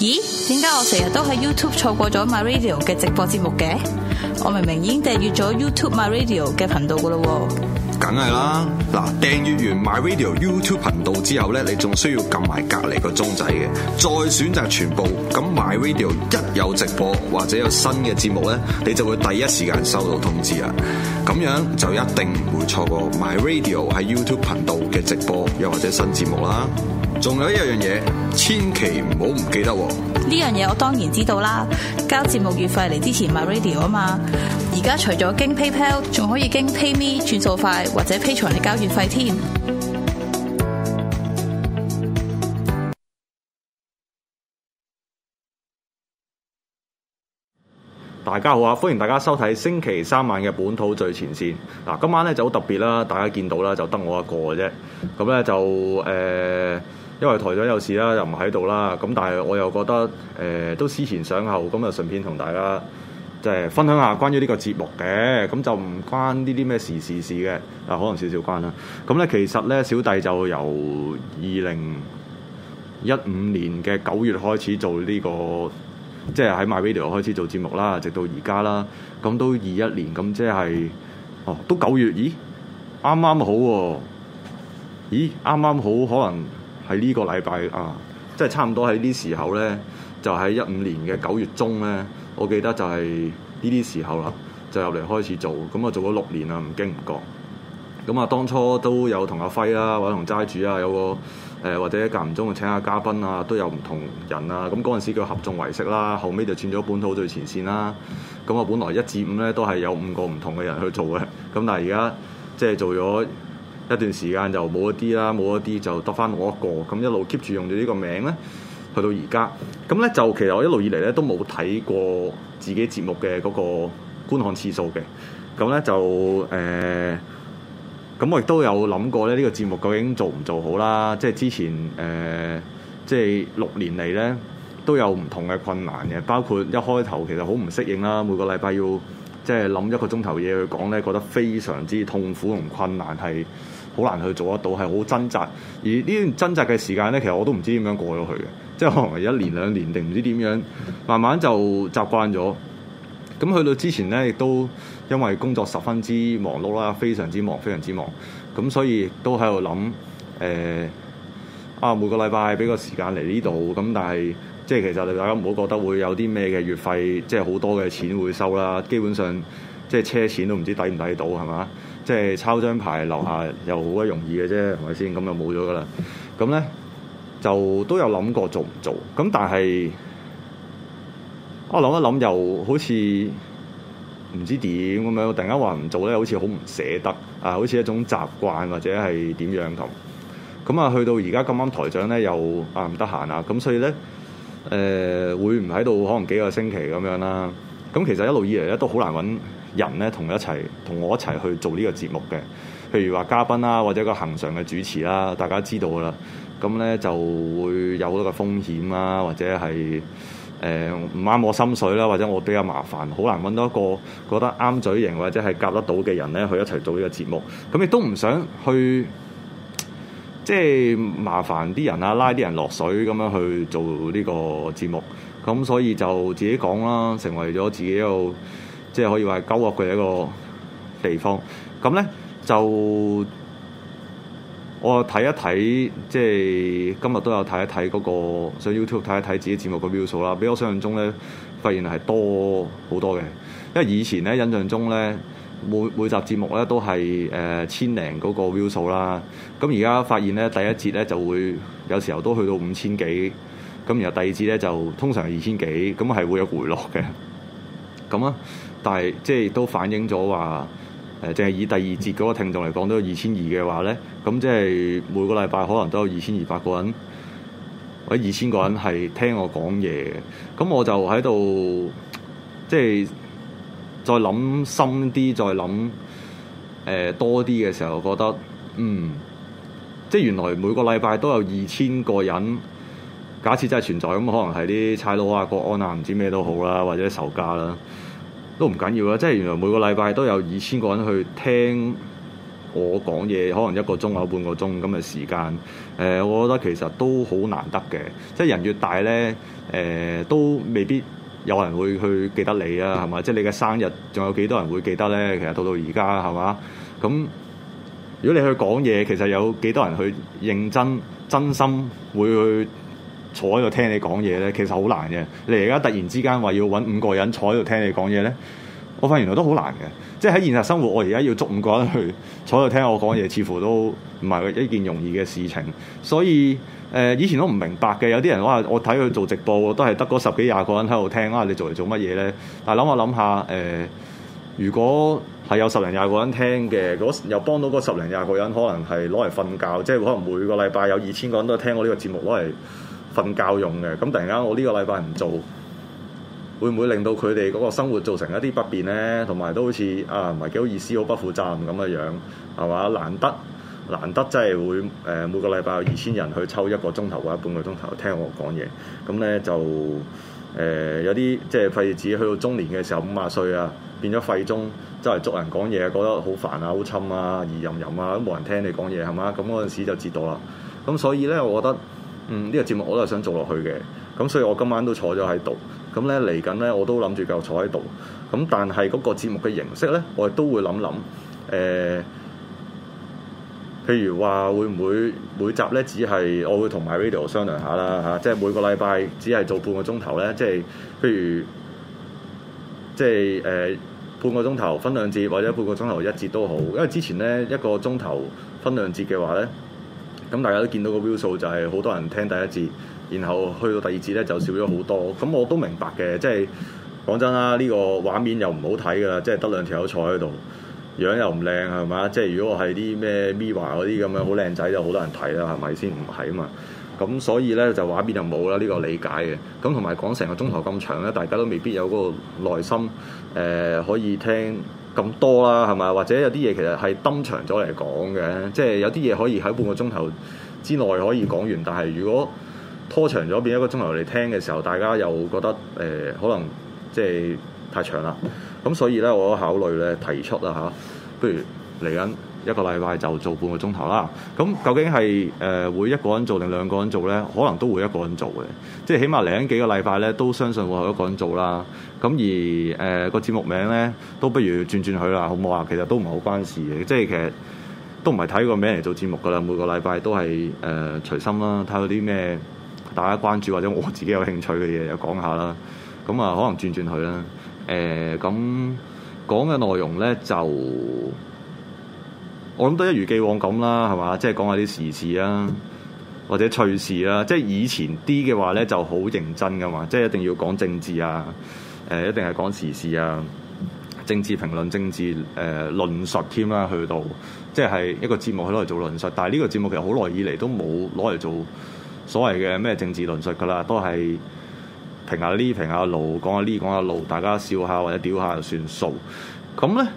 咦？點解我成日都喺 YouTube 錯過咗 My Radio 嘅直播節目嘅？我明明已經訂閱咗 YouTube My Radio 嘅頻道噶咯喎。梗係啦，嗱，訂閱完 My Radio YouTube 頻道之後咧，你仲需要撳埋隔籬個鐘仔嘅，再選擇全部。咁 My Radio 一有直播或者有新嘅節目咧，你就會第一時間收到通知啊！咁樣就一定唔會錯過 My Radio 喺 YouTube 頻道嘅直播又或者新節目啦。仲有一樣嘢，千祈唔好唔記得喎。呢樣嘢我當然知道啦，交節目月費嚟之前買 Radio 啊嘛。而家除咗經 PayPal，仲可以經 PayMe 轉數快，或者 Patreon 嚟交月費添。大家好啊，歡迎大家收睇星期三晚嘅本土最前線。嗱，今晚咧就好特別啦，大家見到啦，就得我一個嘅啫。咁咧就誒。呃因為台長有事啦，又唔喺度啦，咁但係我又覺得誒、呃、都思前想後，咁就順便同大家即係、就是、分享下關於呢個節目嘅，咁就唔關呢啲咩時事事嘅，啊可能少少關啦。咁咧其實咧，小弟就由二零一五年嘅九月開始做呢、這個，即、就、係、是、喺 MyRadio 開始做節目啦，直到而家啦，咁都二一年，咁即係哦，都九月，咦啱啱好喎、哦，咦啱啱好，可能。喺呢個禮拜啊，即係差唔多喺呢時候咧，就喺一五年嘅九月中咧，我記得就係呢啲時候啦，就入嚟開始做，咁、嗯、啊做咗六年啦，唔經唔覺。咁、嗯、啊，當初都有同阿輝啦、啊，或者同齋主啊，有個誒、呃，或者間唔中請下嘉賓啊，都有唔同人啊。咁嗰陣時叫合眾為式啦、啊，後尾就轉咗本土最前線啦、啊。咁、嗯、啊，本來一至五咧都係有五個唔同嘅人去做嘅，咁、嗯、但係而家即係做咗。一段時間就冇一啲啦，冇一啲就得翻我一個，咁一路 keep 住用咗呢個名咧，去到而家，咁咧就其實我一路以嚟咧都冇睇過自己節目嘅嗰個觀看次數嘅，咁咧就誒，咁、呃、我亦都有諗過咧，呢個節目究竟做唔做好啦？即係之前誒、呃，即係六年嚟咧都有唔同嘅困難嘅，包括一開頭其實好唔適應啦，每個禮拜要即係諗一個鐘頭嘢去講咧，覺得非常之痛苦同困難係。好難去做得到，係好掙扎，而呢啲掙扎嘅時間呢，其實我都唔知點樣過咗去嘅，即係可能一年兩年定唔知點樣，慢慢就習慣咗。咁去到之前呢，亦都因為工作十分之忙碌啦，非常之忙，非常之忙，咁所以都喺度諗，誒、呃、啊每個禮拜俾個時間嚟呢度，咁但係即係其實大家唔好覺得會有啲咩嘅月費，即係好多嘅錢會收啦，基本上即係車錢都唔知抵唔抵到係嘛？即係抄張牌，留下又好鬼容易嘅啫，係咪先？咁就冇咗噶啦。咁咧就都有諗過做唔做，咁但係我諗一諗，又好似唔知點咁樣。突然間話唔做咧，好似好唔捨得啊，好似一種習慣或者係點樣咁。咁啊，去到而家咁啱台長咧又啊唔得閒啊，咁所以咧誒、呃、會唔喺度？可能幾個星期咁樣啦。咁其實一路以嚟咧都好難揾。人咧同一齊，同我一齊去做呢個節目嘅，譬如話嘉賓啦、啊，或者個恒常嘅主持啦、啊，大家知道噶啦。咁咧就會有好多嘅風險啦、啊，或者係誒唔啱我心水啦、啊，或者我比較麻煩，好難搵到一個覺得啱嘴型或者係夾得到嘅人咧去一齊做呢個節目。咁亦都唔想去，即係麻煩啲人啊，拉啲人落水咁樣去做呢個節目。咁所以就自己講啦，成為咗自己一個。即係可以話係鳩惡嘅一個地方。咁咧就我睇一睇，即係今日都有睇一睇嗰、那個上 YouTube 睇一睇自己節目嘅 view 數啦。比我想像中咧，發現係多好多嘅。因為以前咧印象中咧，每每集節目咧都係誒、呃、千零嗰個 view 數啦。咁而家發現咧，第一節咧就會有時候都去到五千幾，咁然後第二節咧就通常係二千幾，咁係會有回落嘅。咁啊～但係，即係都反映咗話，誒、呃，淨係以第二節嗰個聽眾嚟講，都有二千二嘅話咧。咁即係每個禮拜可能都有二千二百個人或者二千個人係聽我講嘢嘅。咁我就喺度即係再諗深啲，再諗誒、呃、多啲嘅時候，覺得嗯，即係原來每個禮拜都有二千個人。假設真係存在，咁可能係啲差佬啊、國安啊、唔知咩都好啦，或者仇家啦。都唔緊要啦，即係原來每個禮拜都有二千個人去聽我講嘢，可能一個鐘或者半個鐘咁嘅時間。誒、呃，我覺得其實都好難得嘅，即係人越大呢，誒、呃、都未必有人會去記得你啊，係嘛？即係你嘅生日，仲有幾多人會記得呢？其實到到而家係嘛？咁如果你去講嘢，其實有幾多人去認真、真心會去？坐喺度聽你講嘢咧，其實好難嘅。你而家突然之間話要搵五個人坐喺度聽你講嘢咧，我發現原來都好難嘅。即係喺現實生活，我而家要捉五個人去坐喺度聽我講嘢，似乎都唔係一件容易嘅事情。所以誒、呃，以前都唔明白嘅，有啲人話我睇佢做直播，都係得嗰十幾廿個人喺度聽。啊，你做嚟做乜嘢咧？但係諗下諗下誒，如果係有十零廿個人聽嘅，又幫到嗰十零廿個人，可能係攞嚟瞓覺，即係可能每個禮拜有二千個人都係聽我呢個節目攞嚟瞓覺用嘅，咁突然間我呢個禮拜唔做，會唔會令到佢哋嗰個生活造成一啲不便呢？同埋都好似啊唔係幾好意思，好不負責任咁嘅樣，係嘛？難得難得真係會誒、呃、每個禮拜有二千人去抽一個鐘頭或者半個鐘頭聽我講嘢，咁呢，就誒、呃、有啲即係譬如自己去到中年嘅時候，五啊歲啊變咗廢中，周圍捉人講嘢，覺得好煩啊，好侵啊，而任任啊都冇人聽你講嘢係嘛？咁嗰陣時就知道啦。咁所以呢，我覺得。嗯，呢、這個節目我都係想做落去嘅，咁所以我今晚都坐咗喺度，咁咧嚟緊咧我都諗住繼續坐喺度，咁但係嗰個節目嘅形式咧，我亦都會諗諗，誒、呃，譬如話會唔會每集咧只係我會同埋 Radio 商量下啦嚇、啊，即係每個禮拜只係做半個鐘頭咧，即係譬如即係誒半個鐘頭分兩節或者半個鐘頭一節都好，因為之前咧一個鐘頭分兩節嘅話咧。咁大家都見到個 view 數就係好多人聽第一節，然後去到第二節咧就少咗好多。咁我都明白嘅，即係講真啦，呢、這個畫面又唔好睇㗎啦，即係得兩條友坐喺度，樣又唔靚係咪？即係如果我係啲咩 Mirror 嗰啲咁樣好靚仔就好多人睇啦，係咪先？唔係啊嘛。咁所以咧就畫面就冇啦，呢、這個理解嘅。咁同埋講成個鐘頭咁長咧，大家都未必有嗰個耐心誒、呃、可以聽。咁多啦，係咪？或者有啲嘢其實係登場咗嚟講嘅，即係有啲嘢可以喺半個鐘頭之內可以講完，但係如果拖長咗變一個鐘頭嚟聽嘅時候，大家又覺得誒、呃、可能即係太長啦。咁所以咧，我考慮咧提出啦吓，不如嚟緊。一個禮拜就做半個鐘頭啦。咁、嗯、究竟係誒、呃、會一個人做定兩個人做呢？可能都會一個人做嘅，即係起碼嚟緊幾個禮拜呢，都相信會有一個人做啦。咁、嗯、而誒個節目名呢，都不如轉轉佢啦，好唔好啊？其實都唔係好關事嘅，即係其實都唔係睇個名嚟做節目㗎啦。每個禮拜都係誒隨心啦，睇有啲咩大家關注或者我自己有興趣嘅嘢，就講下啦。咁、嗯、啊，可能轉轉佢啦。誒咁講嘅內容呢，就～我諗都一如既往咁啦，係嘛？即係講下啲時事啊，或者趣事啊。即係以前啲嘅話咧，就好認真噶嘛。即係一定要講政治啊，誒、呃，一定係講時事啊，政治評論、政治誒、呃、論述添啦。去到即係一個節目，去攞嚟做論述。但係呢個節目其實好耐以嚟都冇攞嚟做所謂嘅咩政治論述噶啦，都係評下呢評下路，講下呢講下路，大家笑下或者屌下就算數。咁咧。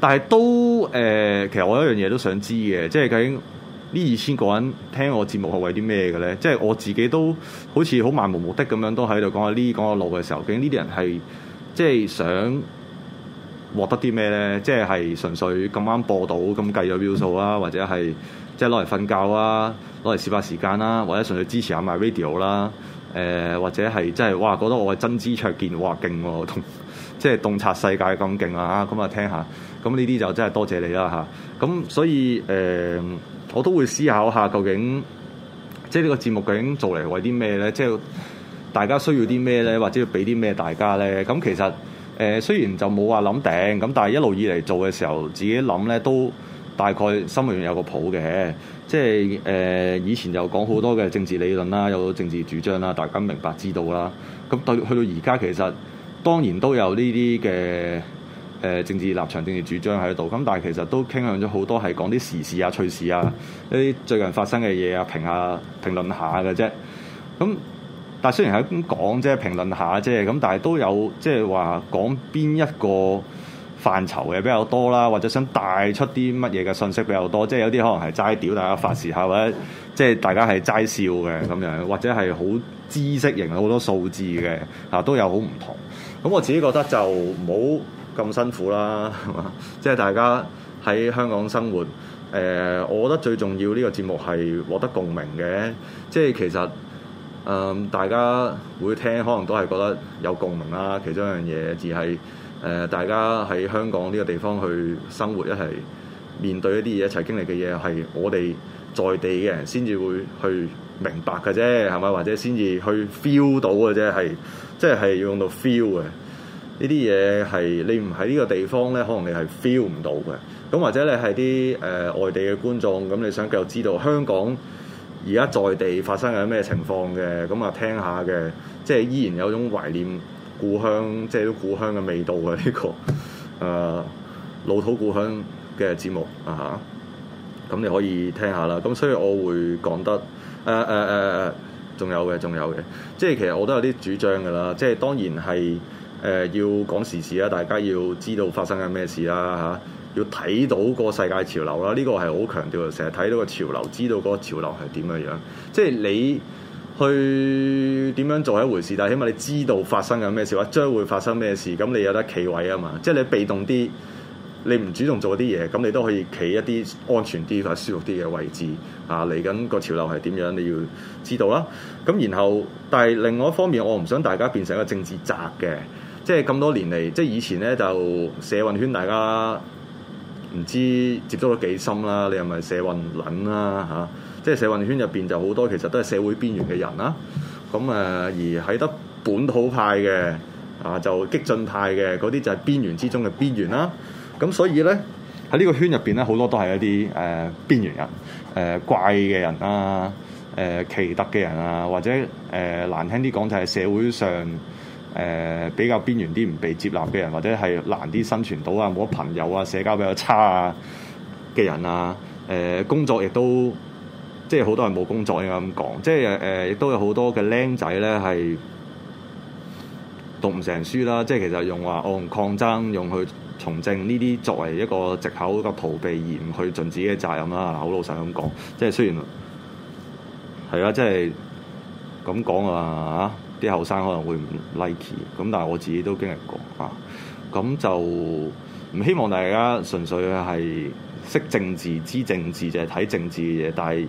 但係都誒、呃，其實我有一樣嘢都想知嘅，即係究竟呢二千個人聽我節目係為啲咩嘅咧？即係我自己都好似好漫無目的咁樣，都喺度講下呢講下路嘅時候，究竟呢啲人係即係想獲得啲咩咧？即係純粹咁啱播到咁計咗 view 數啦，或者係即係攞嚟瞓覺啊，攞嚟消發時間啦、啊，或者純粹支持下 MyRadio 啦、啊。誒、呃、或者係真係哇，覺得我係真知灼見，哇勁喎，同即係洞察世界咁勁啊！咁啊，聽下咁呢啲就真係多謝你啦嚇。咁所以誒、呃，我都會思考下究竟即係呢個節目究竟做嚟為啲咩咧？即係大家需要啲咩咧？或者要俾啲咩大家咧？咁其實誒、呃、雖然就冇話諗頂定咁，但係一路以嚟做嘅時候，自己諗咧都。大概心裏面有個譜嘅，即係誒、呃、以前就講好多嘅政治理論啦，有政治主張啦，大家明白知道啦。咁到去到而家，其實當然都有呢啲嘅誒政治立場、政治主張喺度。咁但係其實都傾向咗好多係講啲時事啊、趣事啊、一啲最近發生嘅嘢啊，評下評論下嘅啫。咁但係雖然係咁講啫，即係評論下啫，咁但係都有即係話講邊一個。範疇嘅比較多啦，或者想帶出啲乜嘢嘅信息比較多，即係有啲可能係齋屌大家發泄下，或者即係大家係齋笑嘅咁樣，或者係好知識型好多數字嘅嚇、啊、都有好唔同。咁我自己覺得就唔好咁辛苦啦，係嘛？即係大家喺香港生活，誒、呃，我覺得最重要呢個節目係獲得共鳴嘅，即、就、係、是、其實誒、呃、大家會聽，可能都係覺得有共鳴啦。其中一樣嘢就係。誒、呃，大家喺香港呢個地方去生活一齊面對一啲嘢，一齊經歷嘅嘢係我哋在地嘅人先至會去明白嘅啫，係咪？或者先至去 feel 到嘅啫，係即係要用到 feel 嘅呢啲嘢係你唔喺呢個地方咧，可能你係 feel 唔到嘅。咁或者你係啲誒外地嘅觀眾，咁你想繼續知道香港而家在，在地發生緊咩情況嘅，咁啊聽下嘅，即係依然有種懷念。故鄉，即係啲故鄉嘅味道嘅呢、這個，誒、呃、老土故鄉嘅節目啊嚇，咁你可以聽下啦。咁所以我會講得誒誒誒，仲、啊、有嘅，仲有嘅。即係其實我都有啲主張㗎啦。即係當然係誒、呃、要講時事啦，大家要知道發生緊咩事啦嚇、啊，要睇到個世界潮流啦。呢、這個係好強調嘅，成日睇到個潮流，知道個潮流係點樣樣。即係你。去點樣做係一回事，但係起碼你知道發生緊咩事，或者將會發生咩事，咁你有得企位啊嘛，即係你被動啲，你唔主動做啲嘢，咁你都可以企一啲安全啲或者舒服啲嘅位置。啊，嚟緊個潮流係點樣，你要知道啦。咁然後，但係另外一方面，我唔想大家變成一個政治宅嘅，即係咁多年嚟，即係以前咧就社運圈大家唔知接觸到幾深啦，你係咪社運撚啦嚇？啊即係社運圈入邊就好多，其實都係社會邊緣嘅人啦。咁誒，而喺得本土派嘅啊，就激進派嘅嗰啲就係邊緣之中嘅邊緣啦，啊。咁所以咧喺呢個圈入邊咧，好多都係一啲誒、呃、邊緣人、誒、呃、怪嘅人啊、誒、呃、奇特嘅人啊，或者誒、呃、難聽啲講就係社會上誒、呃、比較邊緣啲唔被接納嘅人，或者係難啲生存到啊，冇乜朋友啊，社交比較差啊嘅人啊，誒、呃、工作亦都。即係好多人冇工作，應該咁講，即係誒，亦、呃、都有好多嘅僆仔咧係讀唔成書啦。即係其實用話我用抗爭用去從政呢啲作為一個藉口，一個逃避，而唔去盡自己嘅責任啦。好、啊、老實咁講，即係雖然係啊，即係咁講啊，啲後生可能會唔 like 咁，但係我自己都經歷過啊。咁就唔希望大家純粹係識政治、知政治就係睇政治嘅嘢，但係。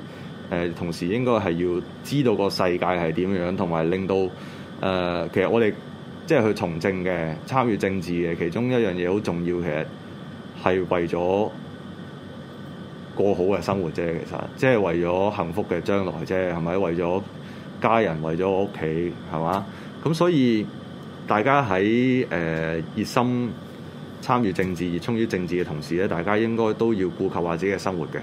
誒，同時應該係要知道個世界係點樣，同埋令到誒，其實我哋即係去從政嘅，參與政治嘅，其中一樣嘢好重要，其實係為咗過好嘅生活啫，其實即係為咗幸福嘅將來啫，係咪為咗家人，為咗我屋企，係嘛？咁所以大家喺誒、呃、熱心參與政治、熱衷於政治嘅同時咧，大家應該都要顧及下自己嘅生活嘅。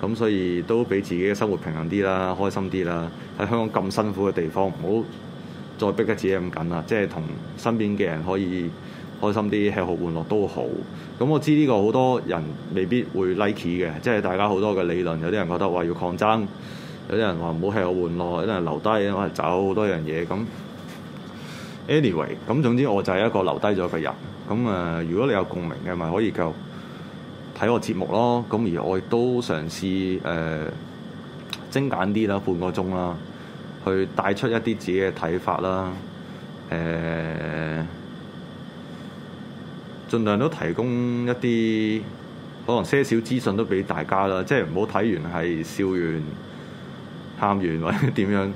咁所以都俾自己嘅生活平衡啲啦，開心啲啦。喺香港咁辛苦嘅地方，唔好再逼得自己咁緊啦。即係同身邊嘅人可以開心啲，吃喝玩樂都好。咁我知呢個好多人未必會 like 嘅，即係大家好多嘅理論，有啲人覺得話要抗爭，有啲人話唔好吃喝玩樂，有啲人留低啊，或者走，好多樣嘢咁。anyway，咁總之我就係一個留低咗嘅人。咁誒、呃，如果你有共鳴嘅，咪可以夠。睇我節目咯，咁而我亦都嘗試誒、呃、精簡啲啦，半個鐘啦，去帶出一啲自己嘅睇法啦。誒、呃，盡量都提供一啲可能些少資訊都俾大家啦，即係唔好睇完係笑完、喊完或者點樣，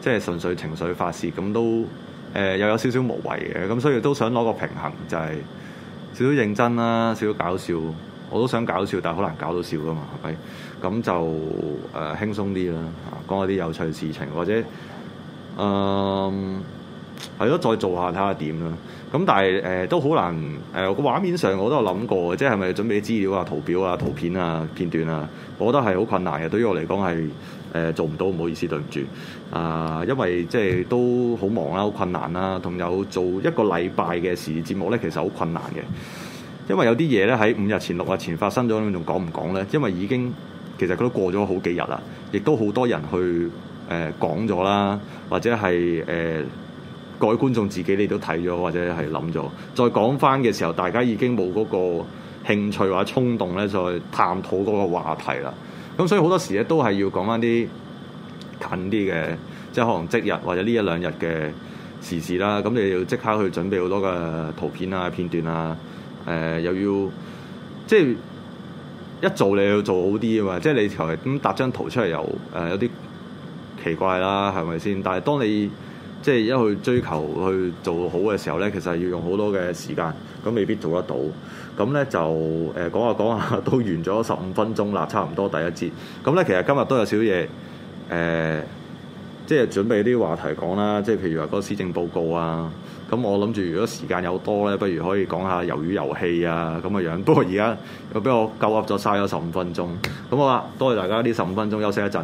即係純粹情緒發泄咁都誒又、呃、有少少無謂嘅咁，所以都想攞個平衡，就係、是、少少認真啦，少少搞笑。我都想搞笑，但係好難搞到笑噶嘛，係咪？咁就誒、呃、輕鬆啲啦，講一啲有趣事情，或者誒係咯，再做下睇下點啦。咁但係誒、呃、都好難誒、呃。個畫面上我都有諗過，即係咪準備資料啊、圖表啊、圖片啊、片段啊，我覺得係好困難嘅。對於我嚟講係誒做唔到，唔好意思，對唔住啊，因為即係都好忙啦、啊，好困難啦、啊，同有做一個禮拜嘅時事節目咧，其實好困難嘅。因為有啲嘢咧喺五日前、六日前發生咗，你仲講唔講咧？因為已經其實佢都過咗好幾日啦，亦都好多人去誒、呃、講咗啦，或者係誒、呃、各位觀眾自己你都睇咗或者係諗咗。再講翻嘅時候，大家已經冇嗰個興趣或者衝動咧，再探討嗰個話題啦。咁所以好多時咧都係要講翻啲近啲嘅，即係可能即日或者呢一兩日嘅時事啦。咁你要即刻去準備好多嘅圖片啊、片段啊。誒、呃、又要即係一做你要做好啲啊嘛！即係你求其咁搭張圖出嚟又誒、呃、有啲奇怪啦，係咪先？但係當你即係一去追求去做好嘅時候咧，其實係要用好多嘅時間，咁未必做得到。咁咧就誒講下講下都完咗十五分鐘啦，差唔多第一節。咁咧其實今日都有少少嘢誒，即係準備啲話題講啦，即係譬如話嗰個施政報告啊。咁我諗住如果時間有多咧，不如可以講下魷魚遊戲啊咁嘅樣，樣。不過而家又俾我鳩噏咗嘥咗十五分鐘，咁好啦，多謝大家呢十五分鐘，休息一陣。